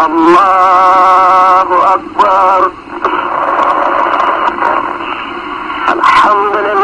الله أكبر الحمد لله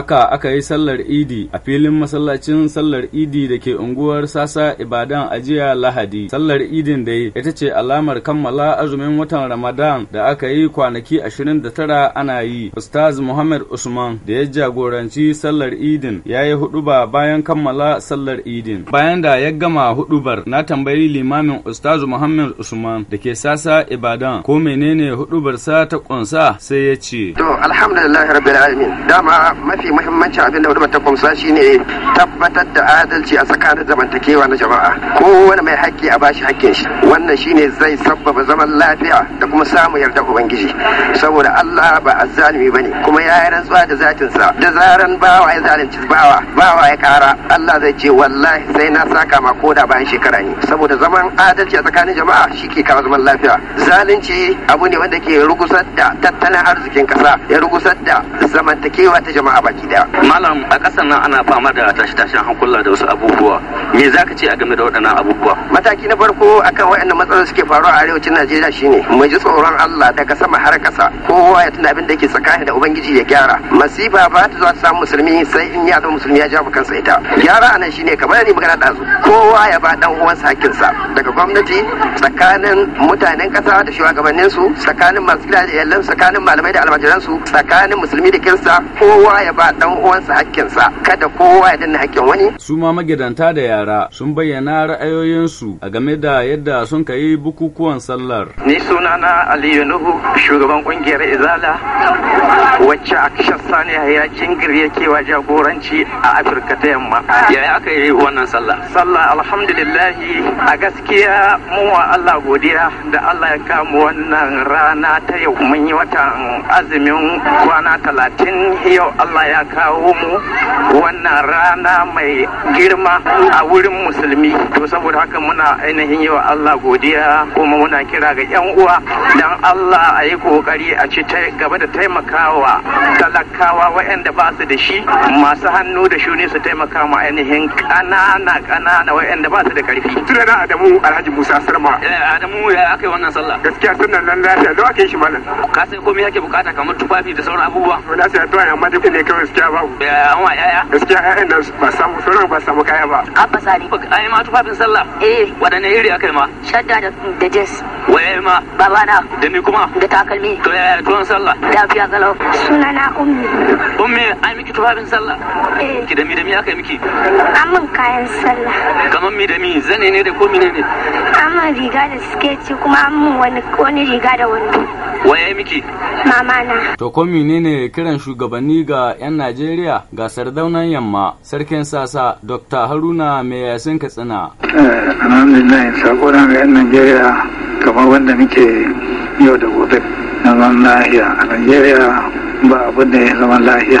Haka aka yi sallar Idi a filin masallacin sallar Idi da ke unguwar Sasa Ibadan a jiya Lahadi. Sallar Idin dai ita ce alamar kammala azumin watan Ramadan da aka yi kwanaki 29 ana yi. Ustaz Muhammad Usman da ya jagoranci sallar Idin ya yi huduba bayan kammala sallar Idin. Bayan da ya gama hudubar na tambayi limamin Ustaz Muhammad Usman da ke Sasa Ibadan ko menene hudubarsa ta kunsa sai ya ce. To alhamdulillah rabbil alamin dama mafi mafi muhimmancin abin da hudubar ta kumsa shine tabbatar da adalci a tsakanin zamantakewa na jama'a kowane mai haƙƙi a bashi haƙƙin shi wannan ne zai sabbaba zaman lafiya da kuma samun yarda ubangiji saboda Allah ba a ba ne. kuma ya yi rantsuwa da zatinsa da zaran bawa ya zalunci bawa bawa ya kara Allah zai ce wallahi sai na saka ma koda bayan shekara ne saboda zaman adalci a tsakanin jama'a shi ke kawo zaman lafiya zalunci abu ne wanda ke rugusar da tattalin arzikin kasa ya rugusar da zamantakewa ta jama'a baki daya malam a ƙasar nan ana fama da tashi tashin hankula da wasu abubuwa me za ka ce a game da waɗannan abubuwa mataki na farko akan waɗannan matsalolin suke faruwa a arewacin najeriya shine mu ji tsoron allah daga sama har ƙasa kowa ya tuna abin da yake tsakani da ubangiji ya gyara masifa ba ta zuwa ta samu musulmi sai in ya zama musulmi ya jawo sa ita gyara a nan shine kamar ni magana ɗazu kowa ya ba dan uwansa hakkinsa daga gwamnati tsakanin mutanen ƙasa da shugabannin su tsakanin masu gida da gidajen tsakanin malamai da almajiransu tsakanin musulmi da kirista kowa ya ba dan uwansa hakkinsa kada kowa ya danna hakkin wani su ma magidanta da yara sun bayyana ra'ayoyinsu a game da yadda sun kai bukukuwan sallar ni na aliyu nuhu shugaban kungiyar izala wacce a kashar sani ya jingiri yake wa jagoranci a afirka ta yamma yaya aka yi wannan sallah sallah alhamdulillah a gaskiya mu wa allah godiya da allah ya kama wannan rana ta yau mun yi watan azumin kwana talatin yau allah ya kawo mu wannan rana mai girma a wurin musulmi to saboda haka muna ainihin yawa Allah godiya kuma muna kira ga yan uwa dan Allah a yi kokari a ci gaba da taimakawa talakawa waɗanda ba su da shi masu hannu da shuni su taimaka ma ainihin ƙanana ƙanana waɗanda ba su da ƙarfi. na Adamu Alhaji Musa Sarma. Eh, Adamu ya aka yi wannan sallah. Gaskiya sunan nan lafiya lau aka shi malam. Ka sai komai yake bukata kamar tufafi da sauran abubuwa. Wala sai addu'a amma duk ne kawai gaskiya ba an wa yaya gaskiya yayan nan ba samu sauran ba samu kaya ba abba sani ai ma tufafin sallah eh wadanne iri akai ma shadda da jes waye ma babana da ni kuma da takalmi to yaya tuwon sallah galau sunana ummi ummi ai miki tufafin sallah eh ki da mi da mi miki kayan sallah kamar mi da mi zane ne da komi ne amma riga da skeci kuma amma wani wani riga da wani. waye miki mama na to ne ne kiran shugabanni ga yan Najeriya ga sardaunan yamma sarkin sasa Dr Haruna mai yasin Katsina eh, alhamdulillah sakona ga yan Najeriya kamar wanda muke yau da gobe na lahiya a Najeriya ba abin da ya zama lahiya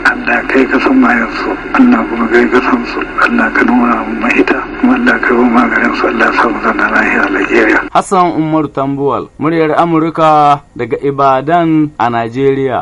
Allah kai ka san mayansu Allah kuma kai ka san su Allah ka nuna mu mahita kuma Allah ka ba maganin su Allah samu zana lahiya Najeriya Hassan Umar Tambuwal muryar Amurka daga Ibadan a Najeriya